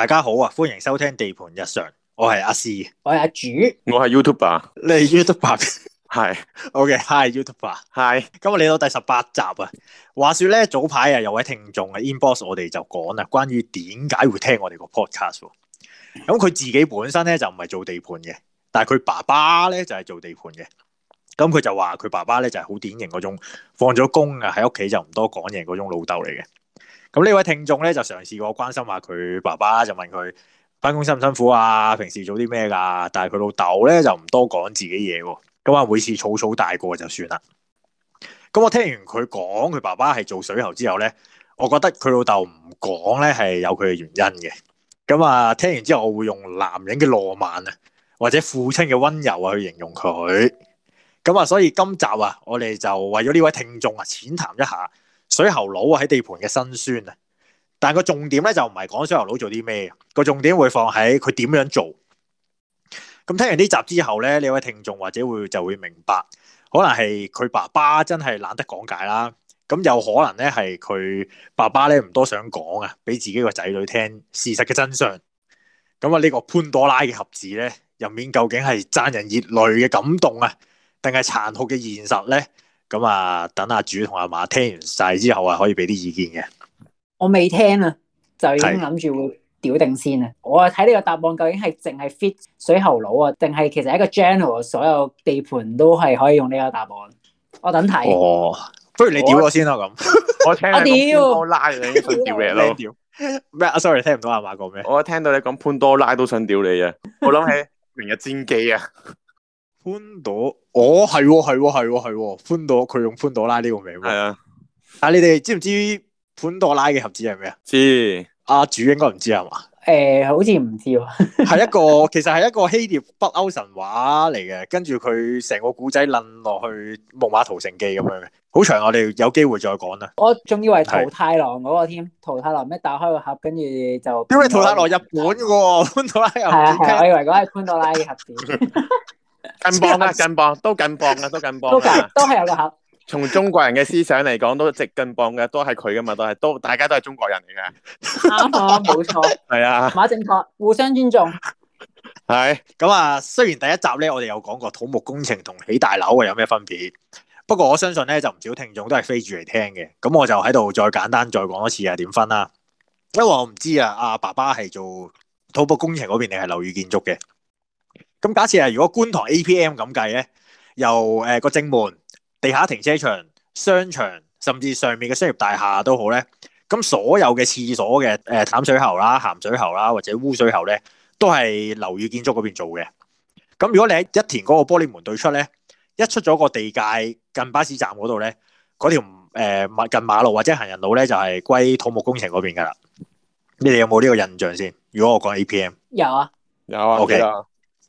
大家好啊，歡迎收聽地盤日常，我係阿 C，我係阿主，我係 YouTuber，你係 YouTuber 係 ，OK，Hi、okay, YouTuber，Hi，今日嚟到第十八集啊。話說咧，早排啊，有位聽眾啊，inbox 我哋就講啦，關於點解會聽我哋個 podcast。咁佢自己本身咧就唔係做地盤嘅，但係佢爸爸咧就係做地盤嘅。咁佢就話佢爸爸咧就係好典型嗰種放咗工啊，喺屋企就唔多講嘢嗰種老豆嚟嘅。咁呢位聽眾咧就嘗試過關心下佢爸爸，就問佢翻工，辛唔辛苦啊？平時做啲咩噶？但係佢老豆咧就唔多講自己嘢喎。咁啊，每次草草大過就算啦。咁我聽完佢講佢爸爸係做水喉之後咧，我覺得佢老豆唔講咧係有佢嘅原因嘅。咁啊，聽完之後我會用男人嘅浪漫啊，或者父親嘅溫柔啊去形容佢。咁啊，所以今集啊，我哋就為咗呢位聽眾啊淺談一下。水喉佬啊，喺地盤嘅辛酸啊，但係個重點咧就唔係講水喉佬做啲咩啊，個重點會放喺佢點樣做。咁聽完呢集之後咧，你位聽眾或者會就會明白，可能係佢爸爸真係懶得講解啦，咁有可能咧係佢爸爸咧唔多想講啊，俾自己個仔女聽事實嘅真相。咁啊，呢個潘多拉嘅盒子咧，入面究竟係賺人熱淚嘅感動啊，定係殘酷嘅現實咧？咁啊，等阿主同阿馬聽完晒之後啊，可以俾啲意見嘅。我未聽啊，就已經諗住會屌定先啊。我啊睇呢個答案究竟係淨係 fit 水喉佬啊，定係其實一個 general 所有地盤都係可以用呢個答案。我等睇。哦，不如你屌我先啊咁。我聽。我屌。潘多拉，你想屌咩咯？屌咩？啊，sorry，聽唔到阿馬講咩？我聽到你講潘多拉都想屌你啊！我諗起明日戰機啊。潘朵，哦係，係、哦，係、哦，係、哦哦，潘朵，佢用潘朵拉呢個名。係啊，啊你哋知唔知潘朵拉嘅盒子係咩啊？知，阿主應該唔知係嘛？誒、呃，好似唔知道。係一個，其實係一個希臘北歐神話嚟嘅，跟住佢成個古仔捻落去《木馬屠城記》咁樣嘅，好長，我哋有機會再講啦。我仲以為是桃太郎嗰、那個添，桃太郎一打開一個盒，跟住就。因為桃太郎日本嘅，潘朵拉又點？係係、啊啊，我以為嗰係潘朵拉嘅盒子。 啱啊，更磅啊，勁磅，都更磅噶，都勁磅，都勁，都係有個口。從中國人嘅思想嚟講，都直勁磅嘅，都係佢噶嘛，都係，都，大家都係中國人嚟嘅。冇 錯。係啊，馬正確，互相尊重。係咁啊，雖然第一集咧，我哋有講過土木工程同起大樓啊，有咩分別？不過我相信咧，就唔少聽眾都係飛住嚟聽嘅。咁我就喺度再簡單再講一次啊，點分啦？因為我唔知啊，阿爸爸係做土木工程嗰邊定係樓宇建築嘅。咁假設係如果觀塘 APM 咁計咧，由誒個正門、地下停車場、商場，甚至上面嘅商業大廈都好咧，咁所有嘅廁所嘅誒淡水喉啦、鹹水喉啦，或者污水喉咧，都係樓宇建築嗰邊做嘅。咁如果你喺一田嗰個玻璃門對出咧，一出咗個地界近巴士站嗰度咧，嗰條近馬路或者行人路咧，就係歸土木工程嗰邊㗎喇。你哋有冇呢個印象先？如果我講 APM，有啊，有啊，OK 啊。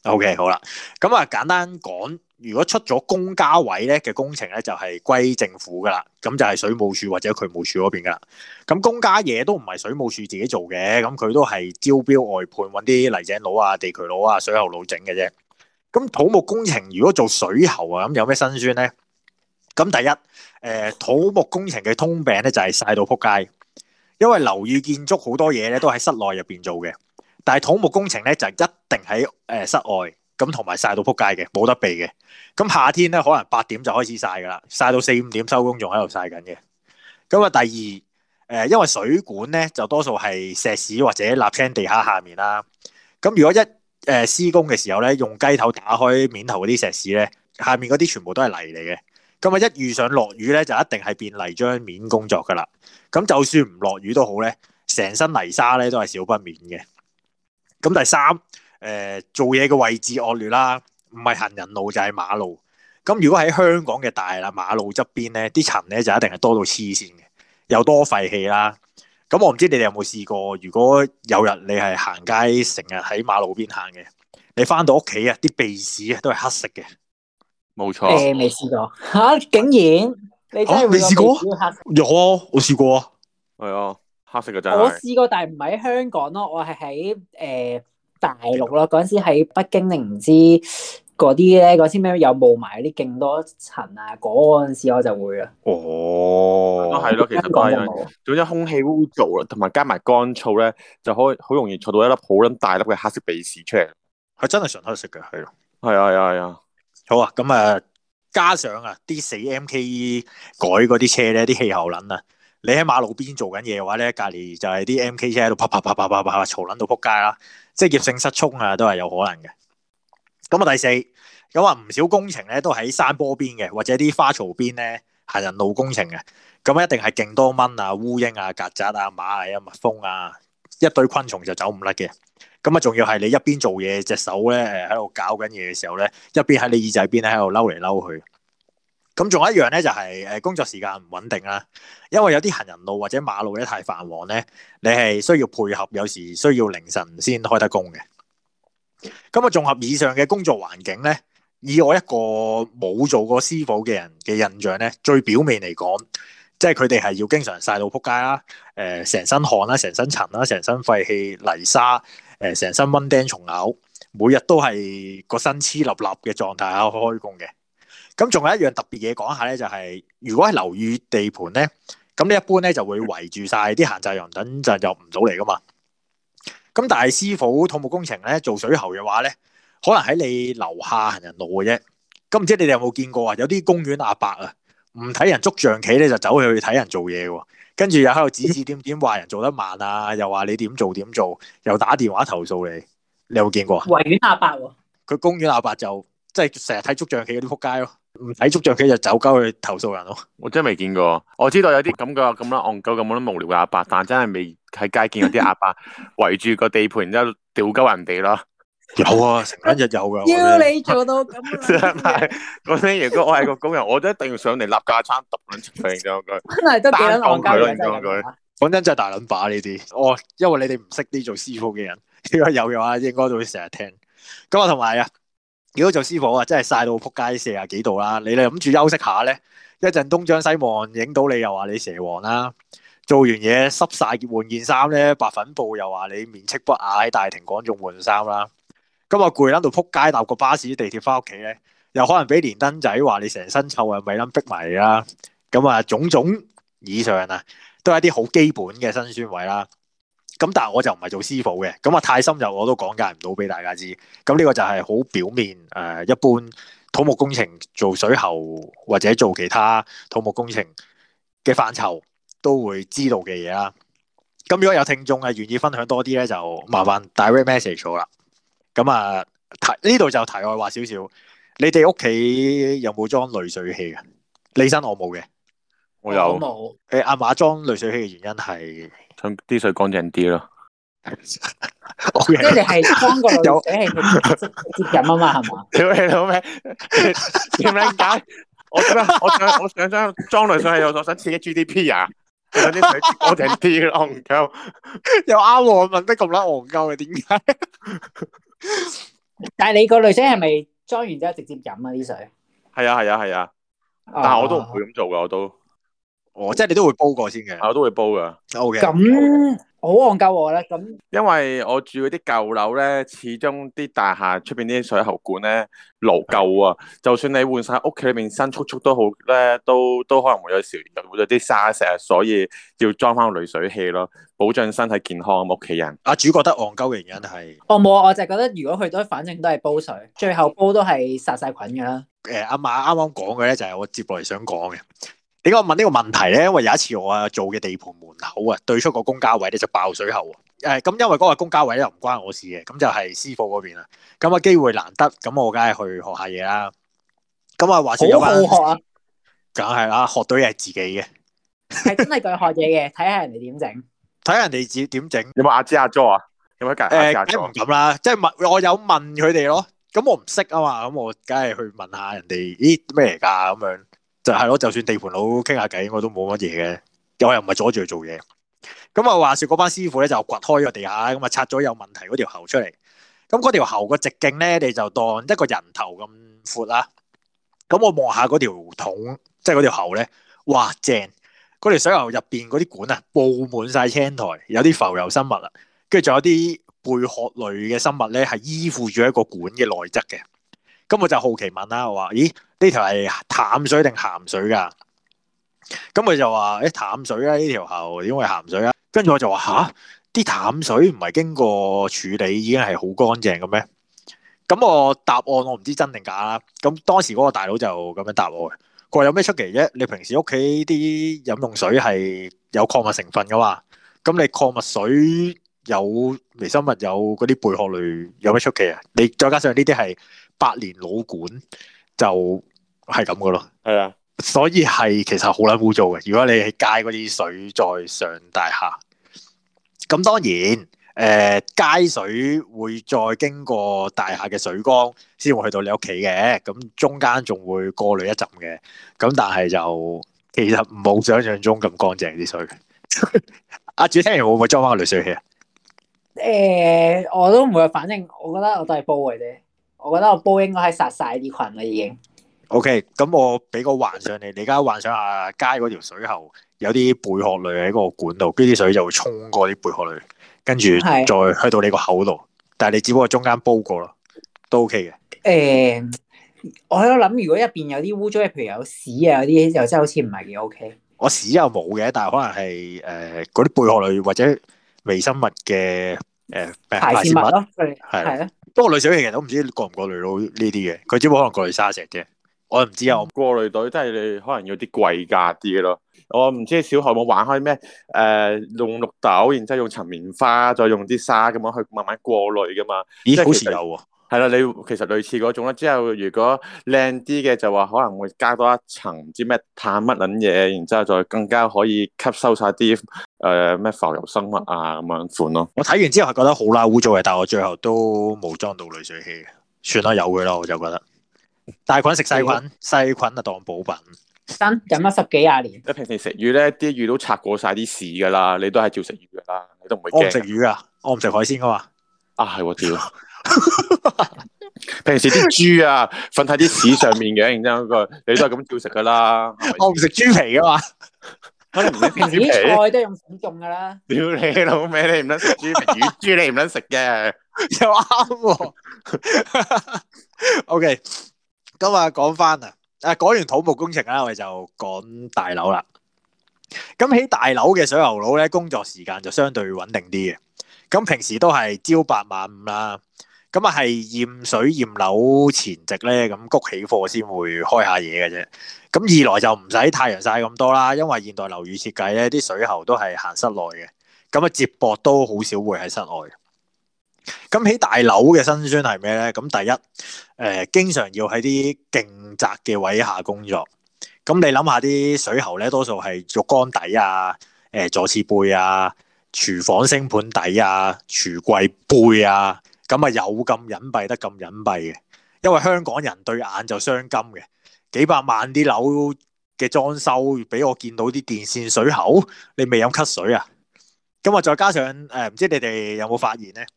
O.K. 好啦，咁啊，簡單講，如果出咗公家位咧嘅工程咧，就係歸政府噶啦，咁就係水務署或者渠務署嗰邊噶啦。咁公家嘢都唔係水務署自己做嘅，咁佢都係招標外判，揾啲泥井佬啊、地渠佬啊、水喉佬整嘅啫。咁土木工程如果做水喉啊，咁有咩辛酸咧？咁第一，誒，土木工程嘅通病咧就係晒到仆街，因為樓宇建築好多嘢咧都喺室內入邊做嘅。但係土木工程咧就一定喺誒室外，咁，同埋曬到扑街嘅，冇得避嘅。咁夏天咧可能八點就開始曬噶啦，曬到四五點收工，仲喺度曬緊嘅。咁啊，第二誒，因為水管咧就多數係石屎或者瀝青地下下面啦。咁如果一誒、呃、施工嘅時候咧，用雞頭打開面頭嗰啲石屎咧，下面嗰啲全部都係泥嚟嘅。咁啊，一遇上落雨咧，就一定係變泥漿面工作噶啦。咁就算唔落雨都好咧，成身泥沙咧都係少不免嘅。咁第三，誒、呃、做嘢嘅位置惡劣啦，唔係行人路就係、是、馬路。咁如果喺香港嘅大啦馬路側邊咧，啲塵咧就一定係多到黐線嘅，又多廢氣啦。咁我唔知你哋有冇試過，如果有日你係行街成日喺馬路邊行嘅，你翻到屋企啊，啲鼻屎啊都係黑色嘅，冇錯。誒未試過嚇、啊，竟然你真係會有少少黑、啊。有啊，我試過，係啊。黑色嘅、啊、真我試過，但係唔喺香港咯，我係喺誒大陸咯。嗰陣時喺北京定唔知嗰啲咧，嗰時咩有霧霾嗰啲，勁多層啊，嗰陣時我就會啊。哦，都係咯，其實都係。總之空氣污糟啦，同埋加埋乾燥咧，就可好容易坐到一粒好捻大粒嘅黑色鼻屎出嚟。佢真係純黑色嘅，係咯，係啊，係啊，係啊，好啊。咁啊，加上啊，啲死 M K 改嗰啲車咧，啲氣候捻啊。你喺馬路邊做緊嘢嘅話咧，隔籬就係啲 MK 車喺度啪啪啪啪啪啪，嘈捻到撲街啦，職業性失聰啊，都係有可能嘅。咁啊第四，咁啊唔少工程咧都喺山坡邊嘅，或者啲花槽邊咧行人路工程嘅，咁啊一定係勁多蚊啊、烏蠅啊、曱甴啊、螞蟻啊、蜜蜂啊，一堆昆蟲就走唔甩嘅。咁啊仲要係你一邊做嘢，隻手咧喺度搞緊嘢嘅時候咧，一邊喺你耳仔邊咧喺度嬲嚟嬲去。咁仲有一樣咧，就係誒工作時間唔穩定啦，因為有啲行人路或者馬路咧太繁忙咧，你係需要配合，有時需要凌晨先開得工嘅。咁啊，綜合以上嘅工作環境咧，以我一個冇做過師傅嘅人嘅印象咧，最表面嚟講，即係佢哋係要經常曬到撲街啦，誒、呃、成身汗啦，成身塵啦，成身廢氣泥沙，誒、呃、成身蚊叮蟲咬，每日都係個身黐立立嘅狀態下開工嘅。咁仲有一樣特別嘢講下咧，就係如果係樓宇地盤咧，咁你一般咧就會圍住晒啲閒雜人等就入唔到嚟噶嘛。咁但係師傅土木工程咧做水喉嘅話咧，可能喺你樓下行人路嘅啫。咁唔知你哋有冇見過啊？有啲公園阿伯啊，唔睇人捉象棋咧，就走去睇人做嘢喎。跟住又喺度指指點點話人做得慢啊，又話你點做點做，又打電話投訴你。你有冇見過啊？維園阿伯喎，佢公園阿伯就即係成日睇捉象棋嗰啲撲街咯。唔睇足像機就走鳩去投訴人咯，我真係未見過，我知道有啲咁嘅咁啦，戇鳩咁，冇得無聊嘅阿伯，伯，但真係未喺街見有啲阿伯圍住個地盤然之後屌鳩人哋咯， 有啊，成日有噶，要你做到咁，唔 係，我聽如果我係個工人，我都一定要上嚟立架餐，揼卵出嚟嘅嗰真係得幾卵戇鳩講真真係、就是、大卵把呢啲，哦，因為你哋唔識啲做師傅嘅人，如果有嘅話，應該都會成日聽，咁啊，同埋啊。如果做師傅啊？真係曬到撲街四十幾度啦！你諗住休息下咧，一陣東張西望影到你又話你蛇王啦。做完嘢濕晒，換件衫咧，白粉布又話你面赤不矮，大庭廣眾換衫啦。咁啊攰，撚到撲街搭個巴士地鐵翻屋企咧，又可能俾連登仔話你成身臭啊，咪撚逼埋你啦。咁啊，種種以上啊，都係一啲好基本嘅辛酸位啦。咁但係我就唔係做師傅嘅，咁啊太深入我都講解唔到俾大家知。咁呢個就係好表面，誒一般土木工程做水喉或者做其他土木工程嘅範疇都會知道嘅嘢啦。咁如果有聽眾係願意分享多啲咧，就麻煩 Direct Message 我啦。咁啊題呢度就題外話少少。你哋屋企有冇裝濾水器嘅？李生我冇嘅，我有冇？誒阿馬裝濾水器嘅原因係。想啲水乾淨啲咯， okay，即係你係裝個濾水器直接飲啊嘛，係 嘛接飲？點解點解？ 我得我想我想裝濾水器，我想刺激 GDP 啊！乾淨想啲水乾淨啲咯，又啱喎，我問得咁拉戇鳩嘅，點解？ 但係你個濾水係咪裝完之後直接飲啊？啲水係 啊係啊係啊，但係我都唔會咁做㗎，我都。哦，即係你都會煲過先嘅，嗯，我都會煲噶。O K，咁好戇鳩咧，咁，嗯嗯嗯嗯嗯嗯嗯，因為我住嗰啲舊樓咧，始終啲大廈出邊啲水喉管咧老舊啊，就算你換晒屋企裏面新簇簇都好咧，都都可能會有時，有有啲沙石，所以要裝翻個濾水器咯，保障身體健康屋企人。阿，啊，主覺得戇鳩嘅原因係，哦冇，我就係覺得如果佢都反正都係煲水，最後煲都係殺晒菌噶啦。誒，欸，阿馬啱啱講嘅咧就係我接落嚟想講嘅。點解我問呢個問題咧？因為有一次我啊做嘅地盤門口啊，對出個公家位咧就爆水喉誒，咁、嗯、因為嗰個公家位又唔關我事嘅，咁就係師傅嗰邊啦。咁、嗯、啊機會難得，咁、嗯、我梗係去學下嘢啦。咁、嗯、啊，話時有翻，梗係啦，學到嘢係自己嘅，係真係去學嘢嘅，睇 下人哋點整，睇下人哋點點整。有冇阿芝阿 Jo 啊？有冇誒？梗、呃、唔敢啦，即係問，我有問佢哋咯。咁、嗯、我唔識啊嘛，咁、嗯、我梗係去問下人哋，咦咩嚟噶咁樣？就係咯，就算地盤佬傾下偈，我都冇乜嘢嘅。我又唔係阻住佢做嘢。咁啊，話說嗰班師傅咧就掘開個地下，咁啊拆咗有問題嗰條喉出嚟。咁嗰條喉個直徑咧，你就當一個人頭咁闊啦。咁我望下嗰條桶，即係嗰條喉咧，哇，正！嗰條水喉入邊嗰啲管啊，布滿晒青苔，有啲浮游生物啦，跟住仲有啲貝殼類嘅生物咧，係依附住一個管嘅內側嘅。咁我就好奇問啦，我話：咦，呢條係淡水定鹹水噶？咁佢就話：誒，淡水啊，呢條喉，點會係鹹水啊。跟住我就話：吓，啲淡水唔係經過處理已經係好乾淨嘅咩？咁我答案我唔知真定假啦。咁當時嗰個大佬就咁樣答我嘅，佢話：有咩出奇啫？你平時屋企啲飲用水係有礦物成分嘅嘛？咁你礦物水有微生物有嗰啲貝殼類，有咩出奇啊？你再加上呢啲係。百年老管就係咁噶咯，係啊，所以係其實好捻污糟嘅。如果你係街嗰啲水再上大廈，咁當然誒、呃，街水會再經過大廈嘅水缸，先會去到你屋企嘅。咁中間仲會過濾一浸嘅，咁但係就其實冇想象中咁乾淨啲水。阿 主聽完會唔會裝翻個濾水器啊？誒、呃，我都唔會反，反正我覺得我都係煲嘅啫。我覺得我煲應該係殺晒啲菌啦，已經。O K，咁我俾個幻想你，你而家幻想下街嗰條水喉有啲貝殼類喺個管度，跟啲水就會衝過啲貝殼類，跟住再去到你個口度，但係你只不過中間煲過咯，都 O K 嘅。誒、欸，我喺度諗，如果入邊有啲污糟，譬如有屎啊嗰啲，就真係好似唔係幾 O K。我屎又冇嘅，但係可能係誒嗰啲貝殼類或者微生物嘅誒、呃、排泄物咯，係係咯。不過濾水器都唔知道過唔過濾到呢啲嘅，佢只不過可能過濾沙石啫，我唔知啊。我過濾到，即係你可能要啲貴價啲嘅咯。我唔知道小學有冇玩開咩？誒、呃，用綠豆，然之後用層棉花，再用啲沙咁樣去慢慢過濾噶嘛。咦，好似有喎、啊。係啦，你其實類似嗰種啦。之後如果靚啲嘅，就話可能會加多一層唔知咩碳乜撚嘢，然之後再更加可以吸收晒啲，誒咩浮游生物啊咁樣款咯。我睇完之後係覺得好啦污糟嘅，但係我最後都冇裝到濾水器。算啦，有嘅啦，我就覺得大菌食細菌，細菌啊當補品。生飲咗十幾廿年。你平時食魚咧，啲魚都拆過晒啲屎噶啦，你都係照食魚噶啦，你都唔會驚。我唔食魚噶，我唔食海鮮噶嘛。啊，係我知。 平時啲豬啊，瞓喺啲屎上面嘅，認真講句，你都係咁照食噶啦。我唔食豬皮噶嘛，你唔使食豬皮。啲菜都用糞種噶啦。屌你老味，你唔撚食豬皮。野豬你唔撚食嘅，又啱喎。OK，今日講翻啊，啊講完土木工程啦，我哋就講大樓啦。咁喺大樓嘅水喉佬咧，工作時間就相對穩定啲嘅。咁平時都係朝八晚五啦。咁啊，係驗水驗樓前夕咧，咁谷起貨先會開一下嘢嘅啫。咁二來就唔使太陽曬咁多啦，因為現代樓宇設計咧，啲水喉都係行室內嘅。咁啊，接駁都好少會喺室外。咁起大樓嘅辛酸係咩咧？咁第一，誒、呃、經常要喺啲勁窄嘅位下工作。咁你諗下啲水喉咧，多數係浴缸底啊、誒坐廁背啊、廚房星盆底啊、櫥櫃背啊。咁啊，有咁隱蔽得咁隱蔽嘅，因為香港人對眼就傷金嘅，幾百萬啲樓嘅裝修俾我見到啲電線水喉，你未飲咳水啊？咁啊，再加上誒，唔知你哋有冇發現咧？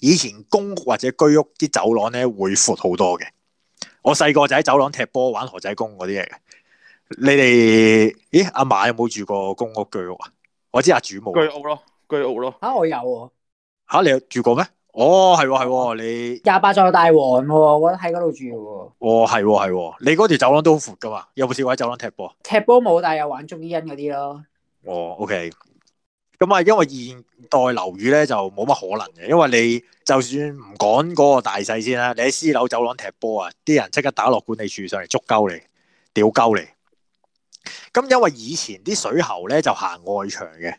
以前公屋或者居屋啲走廊咧，會闊好多嘅。我細個就喺走廊踢波、玩河仔公嗰啲嚟嘅。你哋，咦？阿嫲有冇住過公屋居屋、居屋，居屋啊？我知阿主冇。居屋咯，居屋咯。嚇我有喎。嚇你住過咩？哦，係喎係喎，你廿八座大王喎，我覺得喺嗰度住喎。哦。哦，係喎係喎，你嗰條走廊都好闊噶嘛，有冇試過喺走廊踢波？踢波冇，但係有玩捉依因嗰啲咯。哦，OK，咁啊，因為現代樓宇咧就冇乜可能嘅，因為你就算唔講嗰個大細先啦，你喺私樓走廊踢波啊，啲人即刻打落管理處上嚟捉鳩你，屌鳩你。咁因為以前啲水喉咧就行外牆嘅。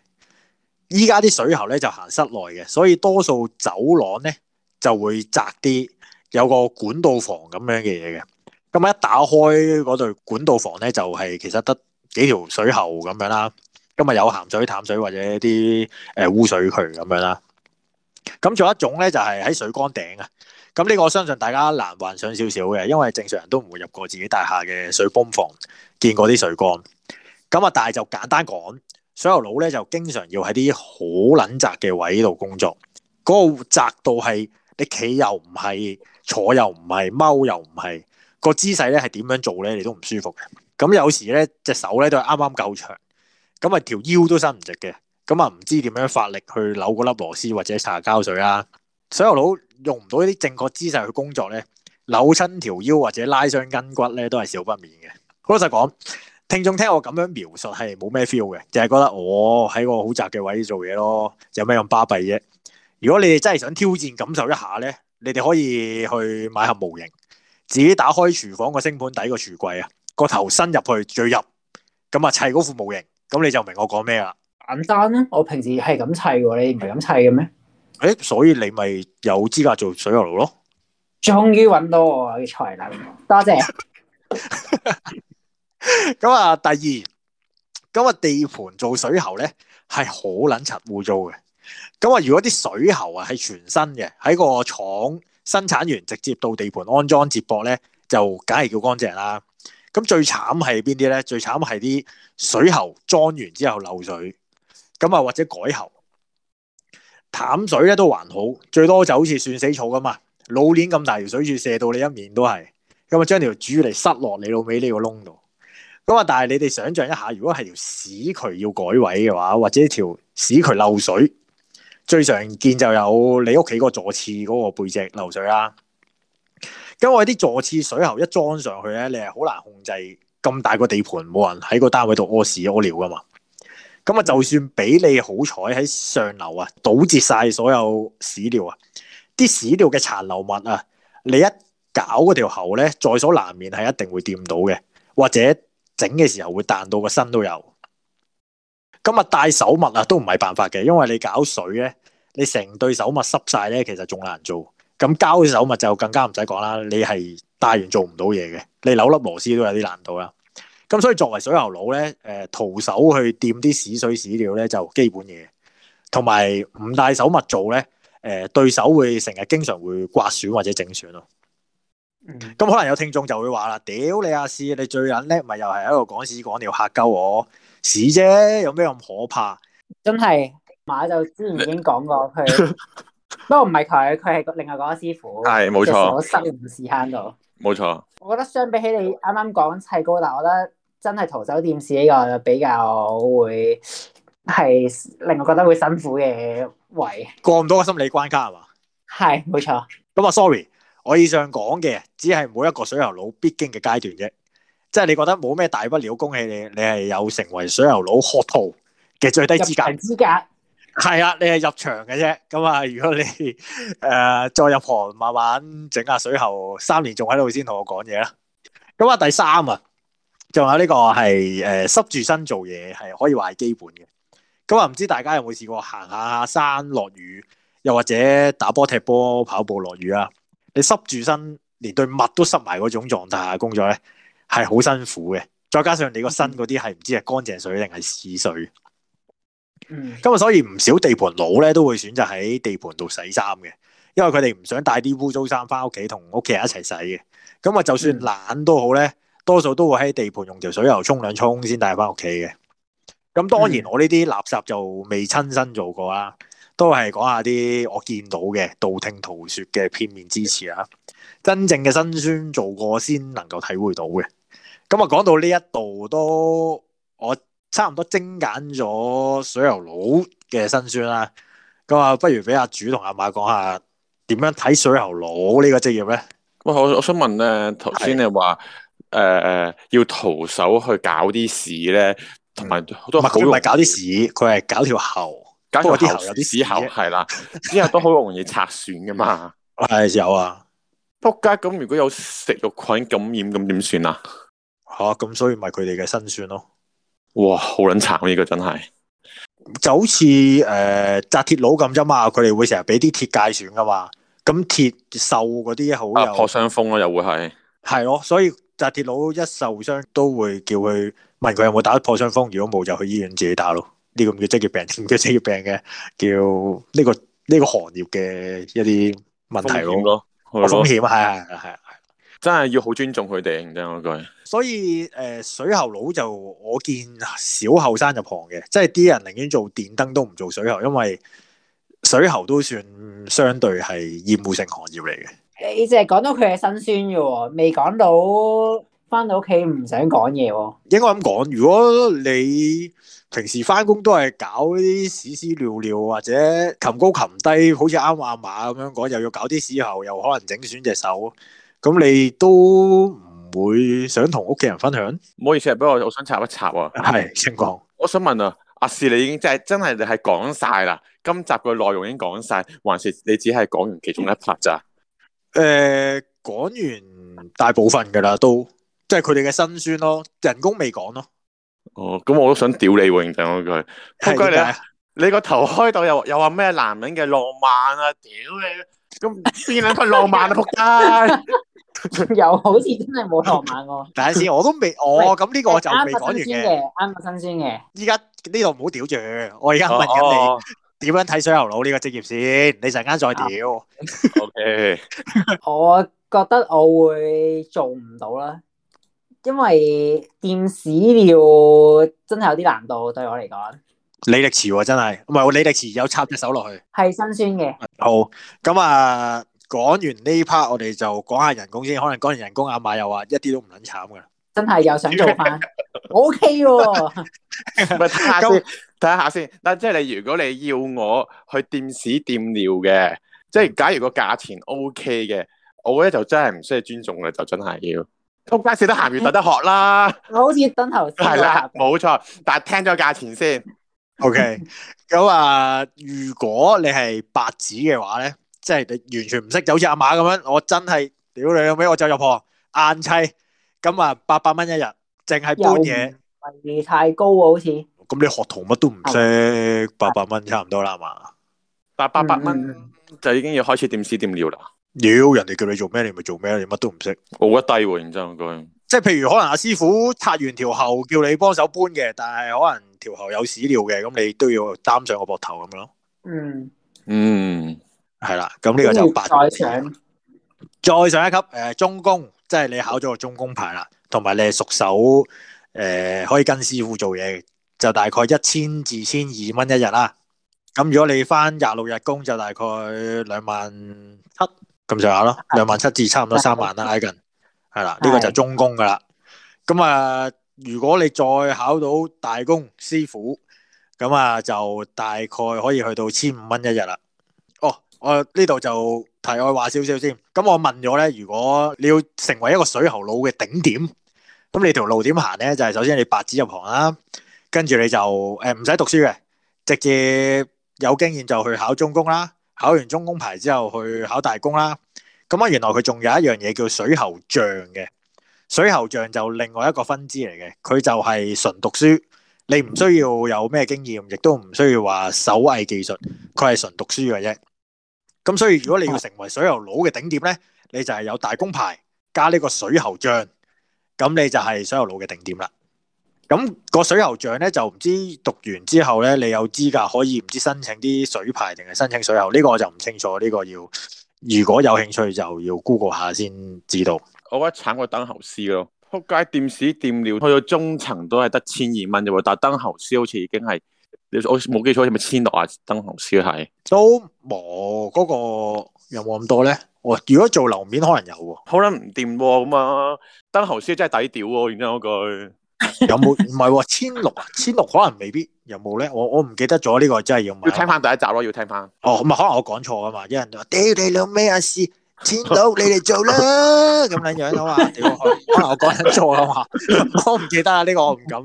依家啲水喉咧就行室內嘅，所以多數走廊咧就會窄啲，有個管道房咁樣嘅嘢嘅。咁一打開嗰對管道房咧，就係其實得幾條水喉咁樣啦。咁咪有鹹水、淡水或者啲誒污水渠咁樣啦。咁仲有一種咧就係喺水缸頂啊。咁、這、呢個我相信大家難幻想少少嘅，因為正常人都唔會入過自己大廈嘅水泵房見過啲水缸。咁啊，但係就簡單講。水喉佬咧就經常要喺啲好撚窄嘅位度工作，嗰個窄度係你企又唔係，坐又唔係，踎又唔係，個姿勢咧係點樣做咧，你都唔舒服嘅。咁有時咧隻手咧都係啱啱夠長，咁啊條腰都伸唔直嘅，咁啊唔知點樣發力去扭嗰粒螺絲或者擦膠水啦、啊。水喉佬用唔到一啲正確姿勢去工作咧，扭親條腰或者拉傷筋骨咧都係少不免嘅。好老實講。聽眾聽我咁樣描述係冇咩 feel 嘅，淨係覺得我喺個好窄嘅位做嘢咯，有咩咁巴閉啫？如果你哋真係想挑戰感受一下咧，你哋可以去買盒模型，自己打開廚房個星盆底個櫥櫃啊，個頭伸入去，最入，咁啊砌嗰副模型，咁你就明我講咩啦？簡單啦、啊，我平時係咁砌嘅，你唔係咁砌嘅咩？誒、欸，所以你咪有資格做水喉佬咯？終於揾到我嘅才能，多謝。 咁啊，第二，咁啊，地盤做水喉咧係好捻柒污糟嘅。咁啊，如果啲水喉啊係全新嘅，喺個廠生產完直接到地盤安裝接駁咧，就梗係叫乾淨啦。咁最慘係邊啲咧？最慘係啲水喉裝完之後漏水，咁啊或者改喉淡水咧都還好，最多就好似算死草咁嘛。老年咁大條水柱射到你一面都係，咁啊將條柱嚟塞落你老尾呢個窿度。咁啊！但係你哋想象一下，如果係條屎渠要改位嘅話，或者條屎渠漏水，最常見就有你屋企個座廁嗰個背脊漏水啦。咁我啲座廁水喉一裝上去咧，你係好難控制咁大個地盤冇人喺個單位度屙屎屙尿噶嘛。咁啊，就算俾你好彩喺上流啊，堵截晒所有屎尿啊，啲屎尿嘅殘留物啊，你一搞嗰條喉咧，在所難免係一定會掂到嘅，或者。整嘅時候會彈到個身都有。咁咪戴手襪啊，都唔係辦法嘅，因為你搞水咧，你成對手襪濕晒咧，其實仲難做。咁膠手襪就更加唔使講啦，你係戴完做唔到嘢嘅，你扭粒螺絲都有啲難度啦。咁所以作為水喉佬咧，誒、呃、徒手去掂啲屎水屎料咧，就基本嘢。同埋唔戴手襪做咧，誒、呃、對手會成日經常會刮損或者整損咯。咁、嗯嗯、可能有聽眾就會話啦，屌 你阿、啊、屎，你最近叻咪又係喺度講屎講尿嚇鳩我屎啫，有咩咁可怕？真係馬就之前已經講過佢， 都不過唔係佢，佢係另外嗰個師傅。係冇錯，我失誤時刻到，冇錯。我覺得相比起你啱啱講砌高塔，但我覺得真係逃走店市呢個比較會係令我覺得會辛苦嘅位。過唔到個心理關卡係嘛？係冇錯。咁啊，sorry。我以上講嘅只係每一個水喉佬必經嘅階段啫，即係你覺得冇咩大不了，恭喜你，你係有成為水喉佬學徒嘅最低資格。入場資格係啊，你係入場嘅啫。咁啊，如果你誒、呃、再入行，慢慢整下水喉，三年仲喺度先同我講嘢啦。咁啊，第三啊，仲有呢個係誒、呃、濕住身做嘢係可以話係基本嘅。咁啊，唔知大家有冇試過行下山落雨，又或者打波、踢波、跑步落雨啊？你濕住身，連對襪都濕埋嗰種狀態下工作咧係好辛苦嘅。再加上你個身嗰啲係唔知係乾淨水定係屎水，嗯。咁啊，所以唔少地盤佬咧都會選擇喺地盤度洗衫嘅，因為佢哋唔想帶啲污糟衫翻屋企同屋企人一齊洗嘅。咁啊，就算懶都好咧，多數都會喺地盤用條水喉沖兩沖先帶翻屋企嘅。咁當然，我呢啲垃圾就未親身做過啦。都係講下啲我見到嘅道聽途説嘅片面之詞啊。真正嘅辛酸做過先能夠體會到嘅。咁啊，講到呢一度都我差唔多精簡咗水喉佬嘅辛酸啦。咁啊，不如俾阿主同阿馬講下點樣睇水喉佬呢個職業咧？喂，我我想問咧，頭先你話誒誒要徒手去搞啲屎咧，同埋都好多唔係搞啲屎，佢係搞條喉，搞個頭有啲屎喉，係啦，之後都好容易拆損噶嘛。係 有啊，仆街！咁如果有食肉菌感染，咁點算啊？吓，咁所以咪佢哋嘅辛酸咯。哇，好撚慘呢、啊、個真係，就好似誒紮鐵佬咁啫嘛。佢哋會成日俾啲鐵介損噶嘛。咁鐵銹嗰啲好有、啊、破傷風咯、啊，又會係係咯。所以紮鐵佬一受傷都會叫佢問佢有冇打破傷風。如果冇就去醫院自己打咯。呢個叫職業病，唔叫職業病嘅，叫呢個呢個行業嘅一啲問題咯，哦、風險係係係，真係要好尊重佢哋，認真句。所以誒、呃，水喉佬就我見少後生入行嘅，即係啲人寧願做電燈都唔做水喉，因為水喉都算相對係厭惡性行業嚟嘅。你淨係講到佢係辛酸嘅，未講到翻到屋企唔想講嘢。應該咁講，如果你。平時翻工，都係搞啲屎屎尿尿或者擒高擒低，好似啱話阿媽咁樣講，又要搞啲屎喉，又可能整損隻手。咁你都唔會想同屋企人分享？唔好意思，不如我我想插一插啊。係，請講。我想問啊，阿士你已經即係真係係講晒啦，今集嘅內容已經講晒，還是你只係講完其中一 part 咋、呃？誒，講完大部分噶啦，都即係佢哋嘅辛酸咯，人工未講咯。哦，咁我都想屌你認真嗰句，仆街你！你個頭開到又又話咩男人嘅浪漫啊？屌你，咁邊有份浪漫啊？仆街，又好似真係冇浪漫個。等下先，我都未。哦，咁呢個我就未講完嘅，啱新鮮嘅，啱新鮮嘅。依家呢度唔好屌住，我而家問緊你點樣睇水喉佬呢個職業先，你陣間再屌。OK，我覺得我會做唔到啦。因為墊屎尿真係有啲難度，對我嚟講，李力慈喎、啊、真係唔係李力慈，有插隻手落去係辛酸嘅。好咁啊，講完呢 part，我哋就講下人工先。可能講完人工，阿、啊、馬又話一啲都唔捻慘嘅，真係又想做返 OK 喎、啊。唔係睇下先，睇 下先。嗱，即係你如果你要我去墊屎墊尿嘅，即係假如個價錢 OK 嘅，我咧就真係唔需要尊重嘅，就真係要。仆街少得行完就得學啦，我好似等頭先。係啦，冇錯，但係聽咗價錢先。O K，咁啊，如果你係白紙嘅話咧，即係你完全唔識，就好似阿馬咁樣，我真係屌你老尾，我就入行硬砌，咁啊八百蚊一日，淨係搬嘢，費太高喎，好似。咁你學徒乜都唔識，八百蚊差唔多啦嘛，但八百蚊就已經要開始墊屎墊尿啦。屌，人哋叫你做咩，你咪做咩，你乜都唔識，我覺得低喎、啊，認真句。即係譬如可能阿師傅拆完條喉，叫你幫手搬嘅，但係可能條喉有屎尿嘅，咁你都要擔上個膊頭咁樣咯。嗯嗯，係啦，咁呢個就八再上一級誒、呃，中工即係你考咗個中工牌啦，同埋你係熟手誒、呃，可以跟師傅做嘢就大概 1, 1, 2, 一千至千二蚊一日啦。咁如果你返廿六日工，就大概兩萬七。咁上下咯，兩萬七至差唔多三萬啦，挨近係啦，呢個就中工噶啦。咁啊，如果你再考到大工師傅，咁啊就大概可以去到千五蚊一日啦。哦，我呢度就題外話少少先。咁我問咗咧，如果你要成為一個水喉佬嘅頂點，咁你條路點行咧？就係首先你白紙入行啦，跟住你就誒唔使讀書嘅，直接有經驗就去考中工啦。考完中工牌之後去考大工啦，咁啊原來佢仲有一樣嘢叫水喉匠嘅，水喉匠就另外一個分支嚟嘅，佢就係純讀書，你唔需要有咩經驗，亦都唔需要話手藝技術，佢係純讀書嘅啫。咁所以如果你要成為水喉佬嘅頂點咧，你就係有大工牌加呢個水喉匠，咁你就係水喉佬嘅頂點啦。咁、那個水喉匠咧就唔知讀完之後咧，你有資格可以唔知申請啲水牌定係申請水喉呢、這個我就唔清楚，呢、這個要如果有興趣就要 Google 下先知道。我覺得慘過燈喉師咯，仆街掂屎掂尿去到中層都係得千二蚊啫喎，但係燈喉師好似已經係，我冇記錯係咪千六啊？燈喉師係都冇嗰、那個有冇咁多咧？我如果做樓面可能有喎，可能唔掂喎咁啊！燈喉師真係抵屌喎，認真講句。有冇唔係千六啊？千六、哦、可能未必有冇咧，我我唔記得咗呢、這個真係要問。要聽翻第一集咯，要聽翻。哦，唔係可能我講錯啊嘛，有人就話屌你老咩啊事千六你哋做啦咁樣樣啊嘛，屌，因為我講緊做啊嘛，我唔記得啦，呢、這個我唔敢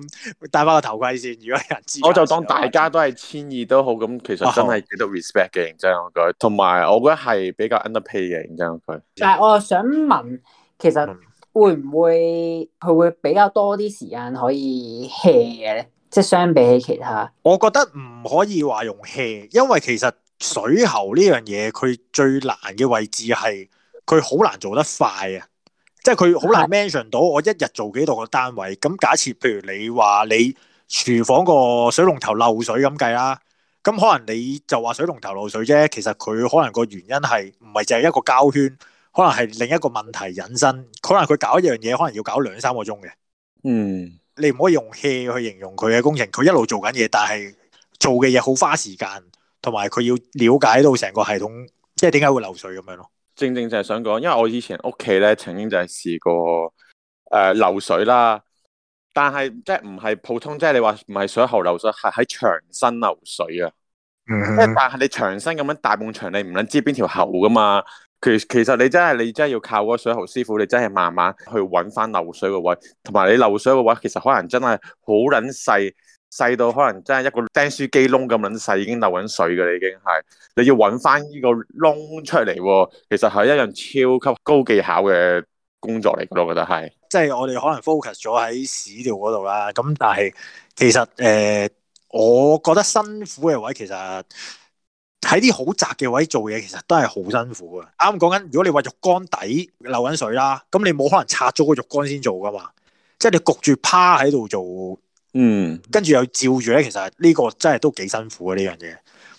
戴翻個頭盔先，如果有人知道。我就當大家都係千二都好，咁其實真係幾多 respect 嘅、啊、認,認真，我同埋我覺得係比較 underpay 嘅認真佢。但係我想問，其實、嗯。會唔會佢會，會比較多啲時間可以 hea 咧？即係相比起其他，我覺得唔可以話用 hea，因為其實水喉呢樣嘢佢最難嘅位置係佢好難做得快啊！即係佢好難 mention 到我一日做幾度個單位。咁假設譬如你話你廚房個水龍頭漏水咁計啦，咁可能你就話水龍頭漏水啫，其實佢可能個原因係唔係就係一個膠圈？可能係另一個問題引申，可能佢搞一樣嘢，可能要搞兩三個鐘嘅。嗯，你唔可以用 hea 去形容佢嘅工程，佢一路做緊嘢，但係做嘅嘢好花時間，同埋佢要了解到成個系統，即係點解會漏水咁樣咯。正正就係想講，因為我以前屋企咧，曾經就係試過誒漏，呃、水啦，但係即係唔係普通，即係你話唔係水喉漏水，係喺牆身漏水啊。即，嗯、係但係你牆身咁樣大半牆，你唔捻知邊條喉噶嘛？其其實你真係你真係要靠嗰水喉師傅，你真係慢慢去揾翻漏水個位，同埋你漏水個位其實可能真係好撚細，細到可能真係一個釘書機窿咁撚細已經漏緊水㗎，你已經係你要揾翻呢個窿出嚟喎，其實係一樣超級高技巧嘅工作嚟，㗎咯，我覺得係。即係我哋可能 focus 咗喺屎尿嗰度啦，咁但係其實誒、呃，我覺得辛苦嘅位其實～喺啲好窄嘅位做嘢，其實都係好辛苦嘅。啱講緊，如果你話浴缸底流緊水啦，咁你冇可能拆咗個浴缸先做噶嘛？即係你焗住趴喺度做，嗯，跟住又照住咧，其實呢個真係都幾辛苦嘅呢樣嘢。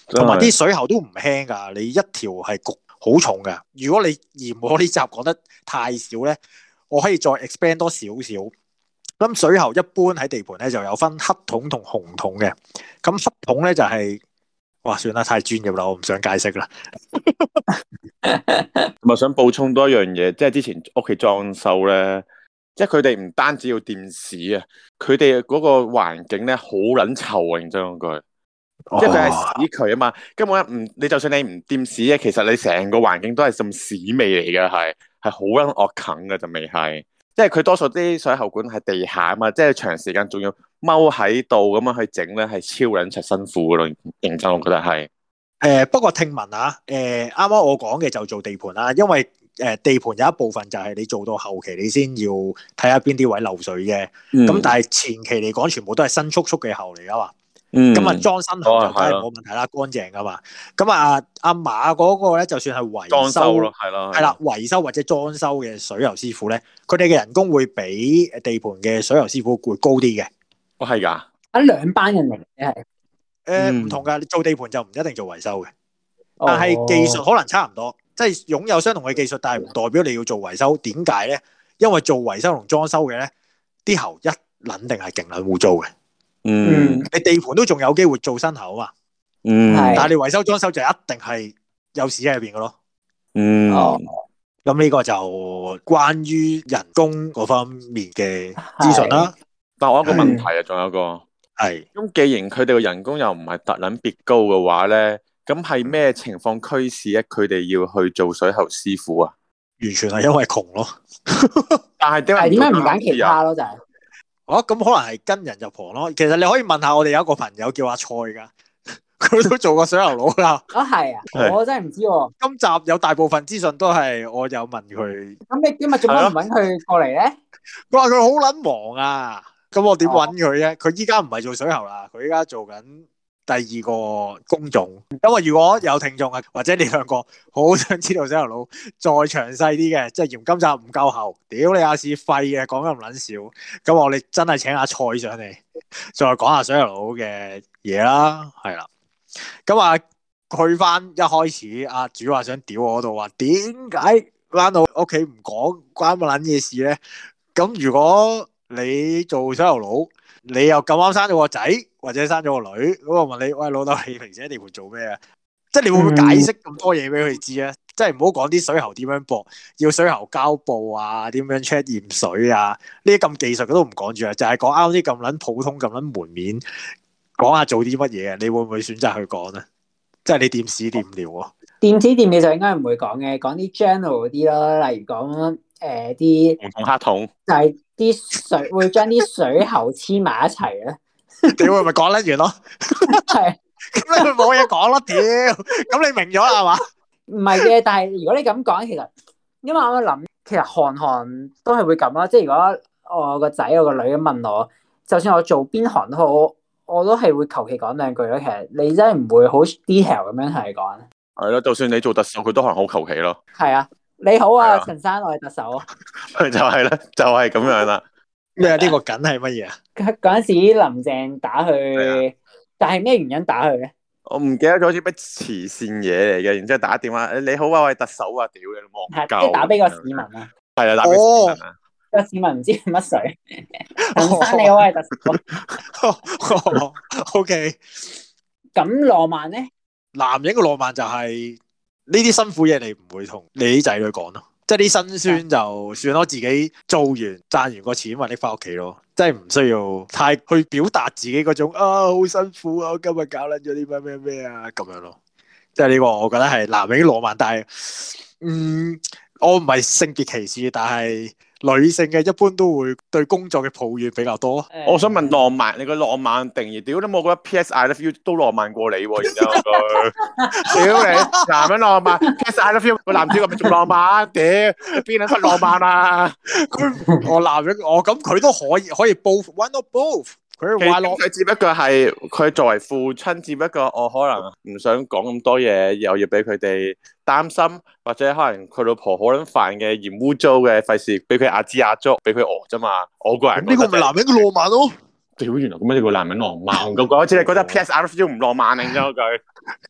同埋啲水喉都唔輕㗎，你一條係焗好重嘅。如果你嫌我呢集講得太少咧，我可以再 expand 多少少。咁水喉一般喺地盤咧就有分黑桶同紅桶嘅。咁黑桶咧就係、是。哇，算啦，太專業啦，我唔想解釋啦。咪 想補充多一樣嘢，即係之前屋企裝修咧，即係佢哋唔單止要掂屎啊，佢哋嗰個環境咧好撚臭啊，認真講句。哦、即係佢係屎渠啊嘛，根本唔，你就算你唔掂屎嘅，其實你成個環境都係浸屎味嚟嘅。係係好撚惡啃噶就未係。即係佢多數啲水喉管係地下啊嘛，即係長時間仲要。踎喺度咁樣去整咧，係超撚柒辛苦嘅咯。認真，我覺得係誒、嗯。不過聽聞啊，誒啱啱我講嘅就做地盤啦，因為誒地盤有一部分就係你做到後期，你先要睇下邊啲位漏水嘅。咁、嗯、但係前期嚟講，全部都係新速速嘅喉嚟啊嘛。咁、嗯、啊裝新喉就梗係冇問題啦、哦，乾淨噶嘛。咁、哦、啊阿馬嗰個咧，就算係維修咯，係啦，係啦，維修或者裝修嘅水喉師傅咧，佢哋嘅人工會比地盤嘅水喉師傅會高啲嘅。係噶，一兩班人嚟嘅係，誒唔同噶，你做地盤就唔一定做維修嘅，但係技術可能差唔多，即係擁有相同嘅技術，但係唔代表你要做維修。點解咧？因為做維修同裝修嘅咧，啲喉一捻定係勁捻污糟嘅。嗯，你地盤都仲有機會做新喉啊嘛，嗯，但係你維修裝修就一定係有屎喺入邊嘅咯。嗯，哦，咁呢個就關於人工嗰方面嘅資訊啦。但我有一個問題啊，仲有個係咁，既然佢哋嘅人工又唔係特捻別高嘅話咧，咁係咩情況驅使咧？佢哋要去做水喉師傅啊？完全係因為窮咯 但為。但係點解唔揀其他咯？就係啊，咁可能係跟人入行咯。其實你可以問下我哋有一個朋友叫阿蔡噶，佢都做過水喉佬啦。啊，係啊，我真係唔知、啊。今集有大部分資訊都係我有問佢。咁你今日做乜唔問佢過嚟咧？佢話佢好捻忙啊。咁我點揾佢咧？佢依家唔係做水喉啦，佢依家做緊第二個工種。因為如果有聽眾啊，或者你兩個好想知道水喉佬再詳細啲嘅，即係嫌今集唔夠喉？屌 你阿、啊、屎廢嘅講咁撚少。咁我哋真係請阿、啊、蔡上嚟，再講下水喉佬嘅嘢啦，係啦。咁啊，去翻一開始阿、啊、主話想屌我嗰度話，點解翻到屋企唔講關我撚嘢事咧？咁如果你做水喉佬，你又咁啱生咗個仔或者生咗個女，咁我問你：喂，老豆，你平時喺地盤做咩啊？即係你會唔會解釋咁多嘢俾佢知啊？即係唔好講啲水喉點樣駁，要水喉膠布啊，點樣 check 鹽水啊？呢啲咁技術嘅都唔講住啊，就係講啱啲咁撚普通咁撚門面，講下做啲乜嘢啊？你會唔會選擇去講咧？即係你掂屎掂尿啊？電子電器你就應該唔會講嘅，講啲 general 嗰啲咯，例如講。誒、呃，啲同黑桶但係啲水會將啲水喉黐埋一齊咧 會會。屌， 咪講得完咯，係咁佢冇嘢講咯。屌，咁你明咗啦係嘛？唔係嘅，但係如果你咁講，其實因為我諗，其實行行都係會咁啦。即係如果我個仔我個女咁問我，就算我做邊行都好，我都係會求其講兩句咯。其實你真係唔會好 detail 咁樣同你講。係咯，就算你做特首，佢都可能好求其咯。係啊。你好啊，陳、啊、生，我係特首。佢 就係啦，就係、是、咁樣啦。咩啊？呢個梗係乜嘢啊？嗰嗰陣時林鄭打去，但係咩原因打去嘅？我唔記得咗，好似乜慈善嘢嚟嘅，然之後打電話。你好啊，我係特首啊，屌你、啊，望舊、啊。即、就是、打俾個市民啊。係啊，打俾市民啊。個市民唔知係乜水。陳 生你好，我係特首。O K、哦。咁浪漫呢？男人嘅浪漫就係、是。呢啲辛苦嘢你唔會同你啲仔女講咯，即係啲辛酸就算，我自己做完賺完個錢，或者翻屋企咯，即係唔需要太去表達自己嗰種啊好辛苦啊，我今日搞捻咗啲咩咩咩啊咁樣咯，即係呢個我覺得係男人浪漫，但係嗯我唔係性別歧視，但係。女性嘅一般都會對工作嘅抱怨比較多，嗯。我想問浪漫，你個浪漫定義？屌都我覺得 P.S. I Love You 都浪漫過你，啊。然後，屌 你，男人浪漫，P.S. I Love You 個男主角咪仲浪漫啊？屌邊諗佢浪漫啊？我男人，我咁佢都可以可以 both，why not both？是其實佢只不過係佢作為父親，只不過我可能唔想講咁多嘢，又要俾佢哋擔心，或者可能佢老婆可能煩嘅嫌污糟嘅，費事俾佢阿吱阿咗俾佢餓咋嘛，我個人呢個唔係男人嘅浪漫咯。點原來咁樣你個男人浪漫？嗰句我知你覺得 P.S.R.F.J 唔浪漫啊？呢句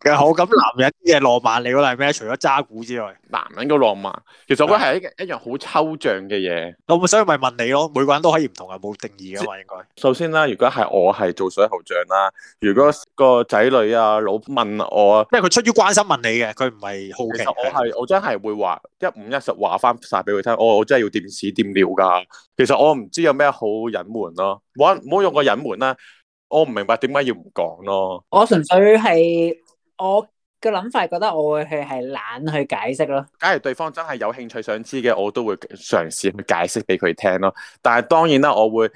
其實好咁，男人啲嘢浪漫嚟嗰係咩？除咗揸古之外，男人個浪漫其實我覺得係一一樣好抽象嘅嘢。我所以咪問你咯，每個人都可以唔同嘅，冇定義㗎嘛應該。首先啦，如果係我係做水喉佬啦，如果個仔女啊老問我，即係佢出於關心問你嘅，佢唔係好奇。我係我真係會話一五一十話翻晒俾佢聽。我我真係要掂屎掂尿噶。其實我唔知有咩好隱瞞咯。唔好用個隱瞞啦，我唔明白點解要唔講咯。我純粹係我個諗法係覺得我會去係懶去解釋咯。假如對方真係有興趣想知嘅，我都會嘗試去解釋俾佢聽咯。但係當然啦，我會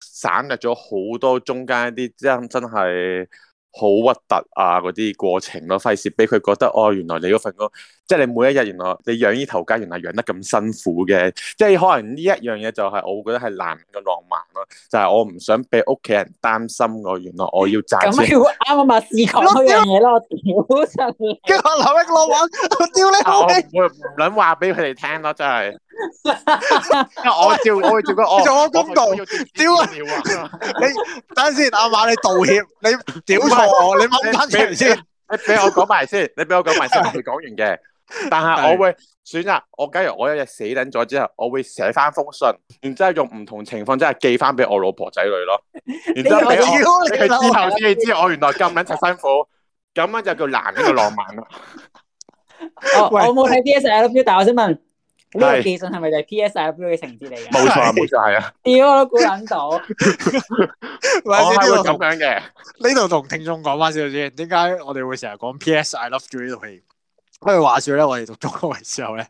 省略咗好多中間一啲，真真係。好核突啊！嗰啲過程咯，費事俾佢覺得哦，原來你嗰份工，即係你每一日，原來你養呢頭家原來養得咁辛苦嘅，即係可能呢一樣嘢就係我會覺得係男人嘅浪漫咯，就係我唔想俾屋企人擔心我，哦，原來我要賺錢，啱啊嘛，市咁呢樣嘢咯，屌神，叫我劉亦老搵，我丟你屋企，我唔捻話俾佢哋聽咯，真係。 我照，我會照。我做我公道，屌啊！你、嗯嗯嗯、等下先，阿媽你道歉，你屌錯我，你勾翻先， 你俾我講埋先，你俾我講埋 先，佢講完嘅，但係我會選擇，我假如我一日死等咗之後，我會寫翻封信，然之後用唔同情況真係寄翻俾我老婆仔女咯，然之後佢之後先佢知我原來咁捻，咁辛苦，咁 樣就叫男人嘅浪漫咯、哦。我冇睇 d S L V，但我先問。呢、這個技術係咪就 P.S. I Love You 嘅情節嚟嘅？冇錯，冇錯，係啊！屌，我都估捻到。 我呢會咁樣嘅呢度同聽眾講翻少少，先，點解我哋會成日講 P.S. I Love You 呢套戲？因為話說咧、嗯嗯嗯嗯，我哋讀中學嘅時候咧，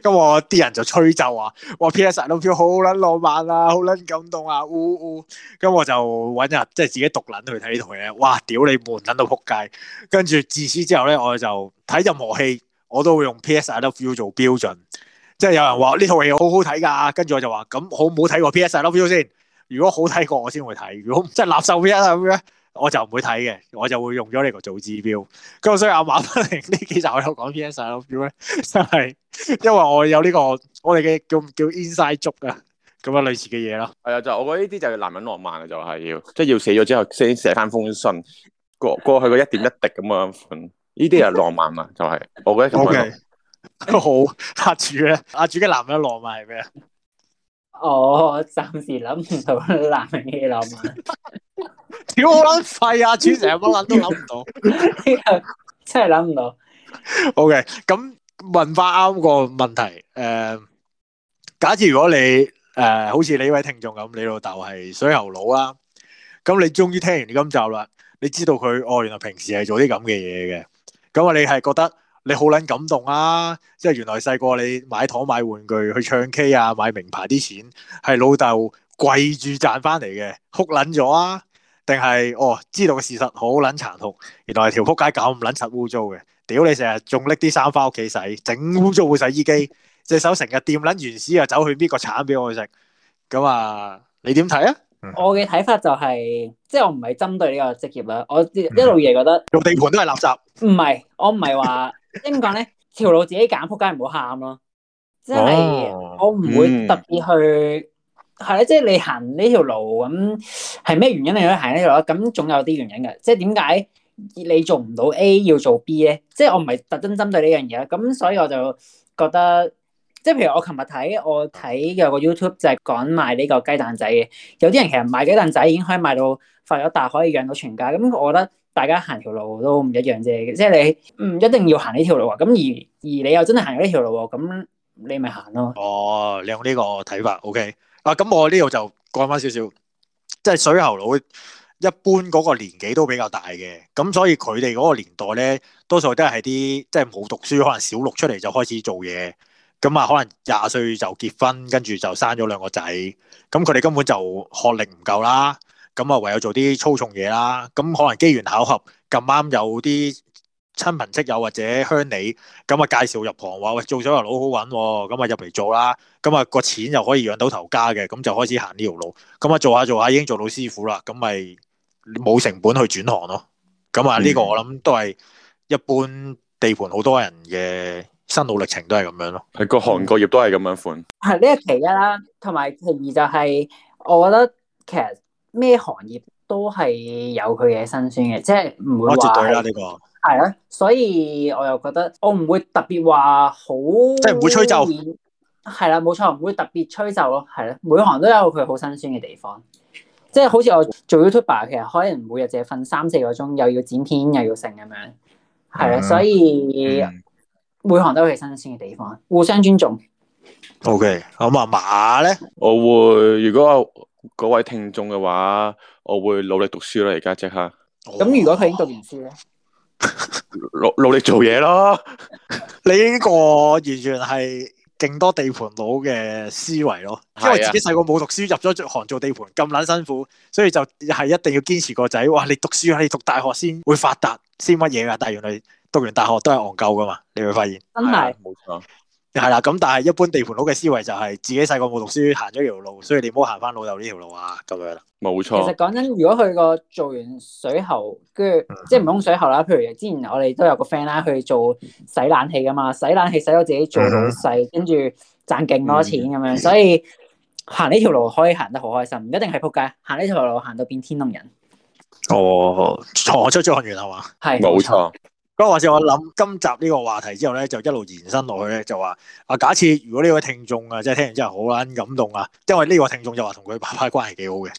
咁我啲人就吹奏話，哇 P.S. I Love You 好捻浪漫啊，好捻感動啊，嗚嗚。咁我就搵日即係自己獨捻去睇呢套嘢，哇！屌你悶，捻到撲街。跟住自此之後咧，我就睇任何戲，我都會用 P.S. I Love You 做標準。即係有人話呢套戲好好睇㗎，跟住我就話咁好唔好睇過 PSI Love You 先？如果好睇過，我先會睇；如果即係垃圾 Love 片啊咁樣，我就唔會睇嘅。我就會用咗呢個做指標。咁所以阿馬芬玲呢幾集喺度講 PSI Love You 咧，就係因為我有呢、呢個我哋嘅叫叫 Inside joke 啊咁啊類似嘅嘢咯。係啊，就我覺得呢啲就係男人浪漫啊，就係、是、要即係、就是、要死咗之後先寫翻封信過過去嘅一點一滴咁啊款。呢啲係浪漫啊， 就係我覺得。都好阿主咧，阿、啊、主嘅男人浪漫係咩啊？我、哦、暫時諗唔到男人嘅浪漫。屌我卵廢阿主成日乜捻都諗唔到， 真係諗唔到。O K，咁文化啱個問題。誒、呃，假設如果你誒、呃，好似你呢位聽眾咁，你老豆係水喉佬啦，咁你終於聽完今集啦，你知道佢哦，原來平時係做啲咁嘅嘢嘅，咁啊，你係覺得？你好撚感動啊！即係原來細個你買糖買玩具去唱 K 啊，買名牌啲錢係老豆跪住賺翻嚟嘅，哭撚咗啊！定係哦，知道個事實好撚殘酷，原來條撲街搞唔撚柒污糟嘅，屌 你成日仲拎啲衫翻屋企洗，整污糟會洗衣機，隻手成日掂撚完屎啊，走去搣個橙俾我食咁啊？你點睇啊？我嘅睇法就係、是、即係我唔係針對呢個職業啦，我一路嘢覺得 用地盤都係垃圾，唔係我唔係話。 即點講咧？條路自己揀，仆街唔好喊咯。即、哦、係、嗯就是、我唔會特別去係，即係你行呢條路，咁係咩原因你去行呢條路？咁總有啲原因嘅。即係點解你做唔到 A 要做 B 咧？即、就、係、是、我唔係特登針對呢樣嘢。咁所以我就覺得，即、就、係、是、譬如我琴日睇我睇有個 YouTube 就係講賣呢個雞蛋仔嘅。有啲人其實賣雞蛋仔已經可以賣到發咗達，可以養到全家。咁我覺得。大家行條路都唔一樣啫，即係你唔一定要行呢條路啊。咁而而你又真係行呢條路喎，咁你咪行咯。哦，你有呢個睇法，OK 啊？咁我呢度就講翻少少，即係水喉佬一般嗰個年紀都比較大嘅，咁所以佢哋嗰個年代咧，多數都係啲即係冇讀書，可能小六出嚟就開始做嘢，咁啊可能廿歲就結婚，跟住就生咗兩個仔，咁佢哋根本就學歷唔夠啦。咁啊，唯有做啲粗重嘢啦。咁可能機緣巧合咁啱，有啲親朋戚友或者鄉里咁啊，介紹入行話喂，做水喉佬好好揾，咁啊入嚟做啦。咁啊個錢又可以養到頭家嘅，咁就開始行呢條路。咁啊做下做下已經做到師傅啦，咁咪冇成本去轉行咯。咁啊呢個我諗都係一般地盤好多人嘅辛勞歷程都係咁樣咯。係、嗯、各行各業都係咁樣款。係呢個其一啦，同埋其二就係、是、我覺得其實。咩行業都係有佢嘅辛酸嘅，即係唔會話絕對啦呢個。係啊。所以我又覺得我唔會特別話好，即係唔會吹奏。係啦，冇錯，唔會特別吹奏咯。係咯，每行都有佢好辛酸嘅地方。即係好似我做 YouTuber，其實，可能每日淨係瞓三四個鐘，又要剪片又要成咁樣。係啊、嗯，所以每行都有佢辛酸嘅地方，互相尊重。OK，咁阿馬咧，我會如果我。嗰位聽眾嘅話，我會努力讀書咯，而家即刻。咁如果佢已經讀完書咧，努 努力做嘢咯。 你呢個完全係勁多地盤佬嘅思維咯， 因為我自己細個冇讀書，入咗行做地盤咁撚辛苦，所以就係一定要堅持個仔。哇！你讀書啊，你讀大學先會發達先乜嘢啊？但原來讀完大學都係戇鳩噶嘛，你會發現真係冇錯。哎係啦，咁但係一般地盤佬嘅思維就係自己細個冇讀書，行咗呢條路，所以你唔好行翻老豆呢條路啊，咁樣。冇錯。其實講真，如果去個做完水喉，跟住即係唔通水喉啦。譬如之前我哋都有個 friend 啦，去做洗冷氣噶嘛，洗冷氣洗到自己做到老細，跟住賺勁多錢咁樣，所以行呢條路可以行得好開心，唔一定係撲街。行呢條路行到變天冧人。哦，坐出就狀元係嘛，係，冇錯。不過話說我諗今集呢個話題之後咧，就一路延伸落去咧，就話啊，假設如果呢位聽眾啊，即係聽完之後好撚感動啊，因為呢位聽眾就話同佢爸爸關係幾好嘅。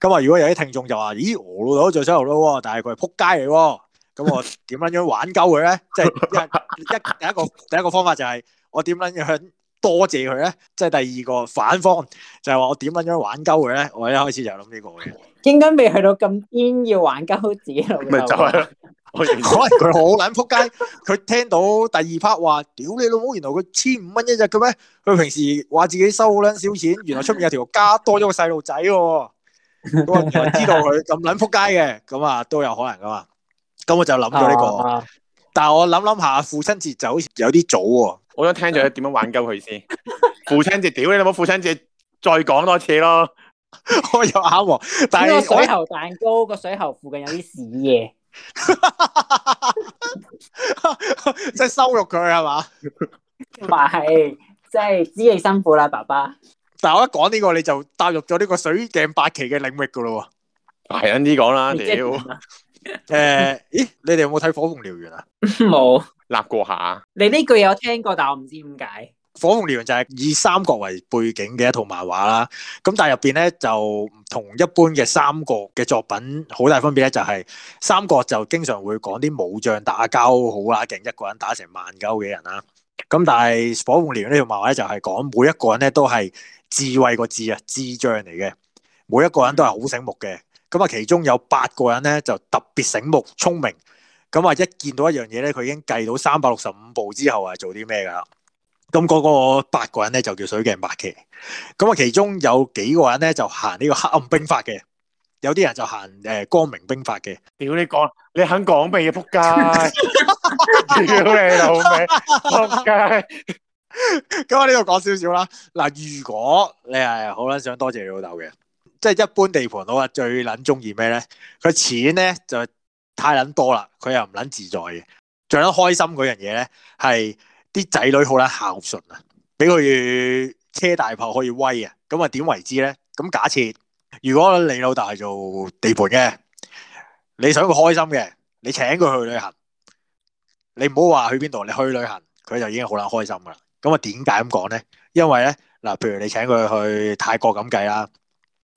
咁啊，如果有啲聽眾就話，咦，我老豆都係水喉佬，但係佢係扑街嚟，咁我點撚樣玩鳩佢咧？即係一，一第一個 第一個方法就係我點撚樣多謝佢咧？即係第二個反方就係、是、話我點撚樣玩鳩佢咧？我一開始就諗呢、這個嘅。應該未去到咁癲要玩鳩自己老豆。咪就係。可能佢好撚撲街，佢聽到第二 part 話，屌你老母，原來佢千五蚊一日嘅咩？佢平時話自己收好撚少錢，原來出面有條街多咗個細路仔喎。咁知道佢咁撚撲街嘅，咁啊都有可能噶嘛。咁我就諗咗呢個，啊啊啊但係我諗諗下父親節就好似有啲早喎。我想聽住你點樣挽救佢先。 父親節，屌你老母，父親節再講多次咯。我又啱喎，但係水喉蛋糕個水喉附近有啲屎嘢。即 係羞辱佢係嘛？話係，即 係知你辛苦啦，爸爸。但係我一講呢、這個，你就踏入咗呢個水鏡八奇嘅領域噶啦。係咁呢講啦，屌。誒、呃，咦？你哋有冇睇《火鳳燎原》啊？冇。 立過下。你呢句有聽過，但我唔知點解。火鳳燎原就係以三國為背景嘅一套漫畫啦，咁但係入邊咧就同一般嘅三國嘅作品好大分別咧，就係三國就經常會講啲武將打交好啦，勁一個人打成萬九嘅人啦，咁但係火鳳燎原呢套漫畫就係講每一個人咧都係智慧個智啊智障嚟嘅，每一個人都係好醒目嘅，咁啊其中有八個人咧就特別醒目聰明，咁啊一見到一樣嘢咧佢已經計到三百六十五步之後係做啲咩噶啦。咁、那、嗰個八個人咧就叫水鏡八奇。咁啊其中有幾個人咧就行呢個黑暗兵法嘅，有啲人就行誒光明兵法嘅。屌你講，你肯講咩嘢扑街？屌你老味扑街。咁 我呢度講少少啦。嗱，如果你係好捻想多謝，謝你老豆嘅，即係一般地盤佬啊最捻中意咩咧？佢錢咧就太捻多啦，佢又唔捻自在嘅，最捻開心嗰樣嘢咧係。啲仔女好撚孝順啊，俾佢車大炮可以威啊，咁啊點為之咧？咁假設如果你老豆係做地盤嘅，你想佢開心嘅，你請佢去旅行，你唔好話去邊度，你去旅行佢就已經好撚開心噶啦。咁啊點解咁講咧？因為咧嗱，譬如你請佢去泰國咁計啦。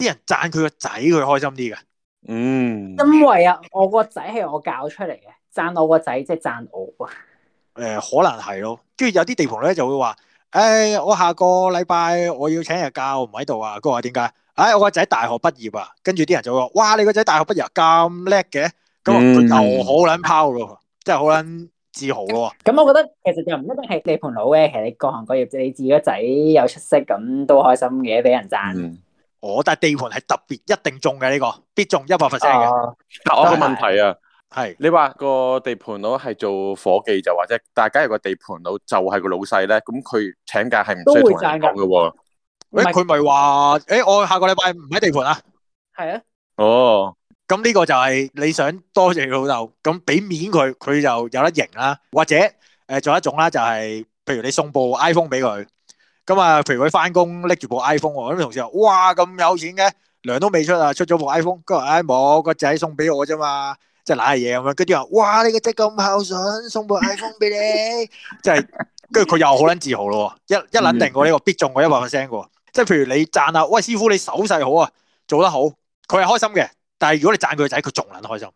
啲人讚佢個仔，佢開心啲嘅。嗯，因為啊，我個仔係我教出嚟嘅，讚我個仔即係讚我。誒、呃，可能係咯。跟住有啲地盤佬咧就會話：，誒、哎，我下個禮拜我要請日假，唔喺度啊。佢話點解？唉、哎，我個仔大學畢業啊。跟住啲人就話：，哇，你個仔大學畢業咁叻嘅，咁又好撚拋咯，真係好撚自豪喎。咁我覺得其實就唔一定係地盤佬嘅，其實你各行各業，你自己個仔有出息，咁都開心嘅，俾人讚。嗯我但係地盤係特別一定中嘅呢個，必中一百 percent 嘅。嗱，我個問題啊，係你話個地盤佬係做夥計就或者，但係假如個地盤佬就係個老細咧，咁佢請假係唔需要同人講嘅喎。誒，佢咪話誒，我下個禮拜唔喺地盤啊？係啊。哦，咁呢個就係你想多謝老豆，咁俾面佢，佢就有得贏啦。或者誒，仲有一種啦，就係譬如你送部 iPhone 俾佢。咁啊，肥偉翻工拎住部 iPhone 喎，咁啲同事話，哇，咁有錢嘅，糧都未出啊，出咗部 iPhone，跟住唉，哎、我個仔送俾我啫嘛，即係賴嘢咁樣。跟住話，哇，你個仔咁孝順，送部 iPhone 俾你，即 係、就是，跟住佢又好捻自豪咯。一一捻定過呢、這個必中，我一百 percent 個。即係譬如你讚啊，喂，師傅你手勢好啊，做得好，佢係開心嘅。但係如果你讚佢個仔，佢仲捻開心。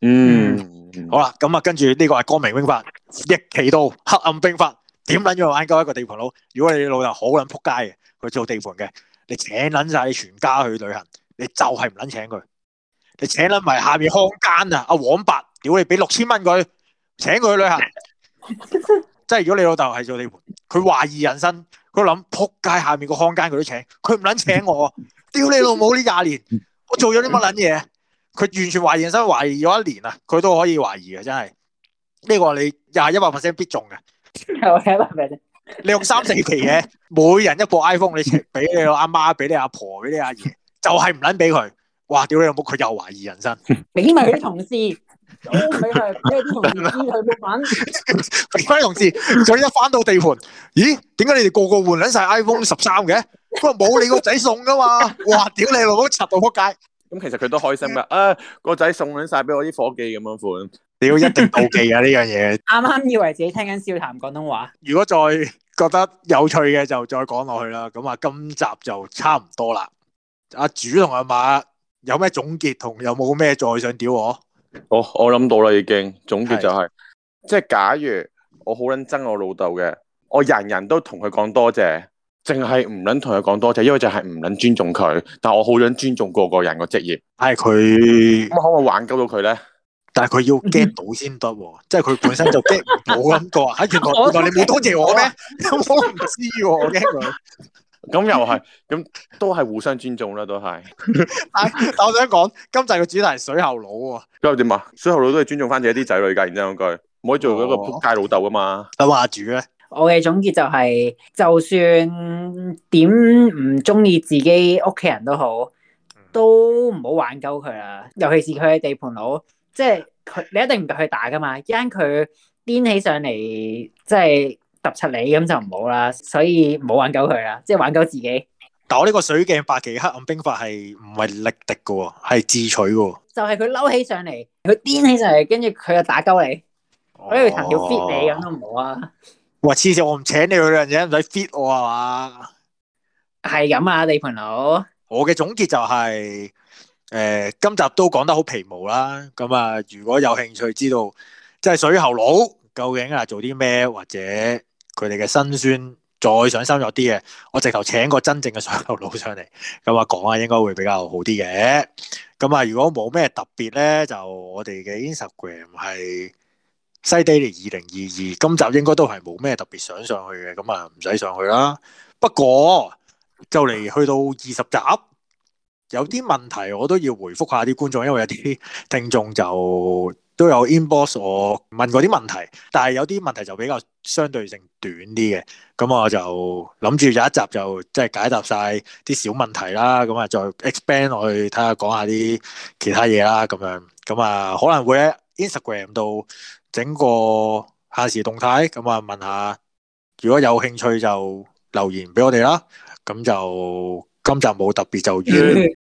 嗯，好啦，咁啊，跟住呢個係《光明兵法》，亦奇到《黑暗兵法》。點捻樣玩鳩一個地盤佬？如果你老豆好捻扑街嘅，佢做地盤嘅，你請捻晒你全家去旅行，你就係唔捻請佢。你請捻埋下面康間啊，阿黃伯，屌你！俾六千蚊佢，請佢去旅行。 即係如果你老豆係做地盤，佢懷疑人生，佢諗扑街下面個康間佢都請，佢唔捻請我，屌你老母呢廿年，我做咗啲乜捻嘢？佢完全懷疑人生，懷疑咗一年啊，佢都可以懷疑啊。真係呢、這個你廿一百 percent 必中嘅。又喺埋你，你用三四皮嘅，每人一部 iPhone，你俾你阿媽，俾你阿婆，俾你阿爺，就係唔捻俾佢。哇，屌你老母，佢又懷疑人生。俾埋佢啲同事，我唔係俾啲同事佢冇反。俾翻啲同事，佢一翻到地盤，咦？點解你哋個個換捻晒 iPhone 十三嘅？佢話冇你個仔送噶嘛？哇，屌你老母，柒到扑街。咁其實佢都開心噶，誒，個仔送捻晒俾我啲伙計咁樣款。你要一定妒忌啊呢樣嘢。啱 啱以為自己聽緊笑談廣東話。如果再覺得有趣嘅，就再講落去啦。咁啊，今集就差唔多啦。阿、啊、主同阿、啊、馬有咩總結同有冇咩再想屌我？我我諗到啦，已經總結就係、是，即係、就是、假如我好捻憎我老豆嘅，我人人都同佢講多謝，淨係唔捻同佢講多謝，因為就係唔捻尊重佢。但我好捻尊重個個人個職業。係佢咁可唔可以挽救到佢咧？但係佢要 get 到先得， 即係佢本身就 get 唔到咁個啊。 原來 原來你冇多謝我咩？ 我唔知喎，我驚佢咁又係咁，都係互相尊重啦。都係， 但我想講今集嘅主題係水喉佬。因咁點啊？水喉佬都係尊重翻自己啲仔女噶，然之後句唔可以做一個仆街老豆噶嘛。咁阿話主咧，我嘅總結就係，就算點唔中意自己屋企人都好，都唔好玩鳩佢啦。尤其是佢喺地盤佬。即係佢，你一定唔夠佢打噶嘛？一佢癲起上嚟，即係揼出你咁就唔好啦。所以唔好玩狗佢啦，即係玩狗自己。但我呢個水鏡百計黑暗兵法係唔係力敵噶，係智取噶。就係佢嬲起上嚟，佢癲起上嚟，跟住佢又打鳩你、哦，所以藤條 fit 你咁都唔好啊！哇！黐線，我唔請你嗰樣嘢，唔使 fit 我啊嘛？係咁啊，李朋友。我嘅總結就係、是。誒，今集都講得好皮毛啦，咁啊，如果有興趣知道，即係水喉佬究竟啊做啲咩，或者佢哋嘅辛酸，再想深入啲嘅，我直頭請個真正嘅水喉佬上嚟，咁啊講下，應該會比較好啲嘅。咁啊，如果冇咩特別咧，就我哋嘅 Instagram 係西地尼二零二二，今集應該都係冇咩特別想上去嘅，咁啊唔使上去啦。不過就嚟去到二十集，有啲問題我都要回覆下啲觀眾，因為有啲聽眾就都有 inbox 我問過啲問題，但係有啲問題就比較相對性短啲嘅，咁我就諗住有一集就即係解答晒啲小問題啦。咁啊，再 expand 我去睇下講下啲其他嘢啦，咁樣咁啊，可能會喺 Instagram 度整個下時動態，咁啊問下如果有興趣就留言俾我哋啦。咁就今集冇特別就完。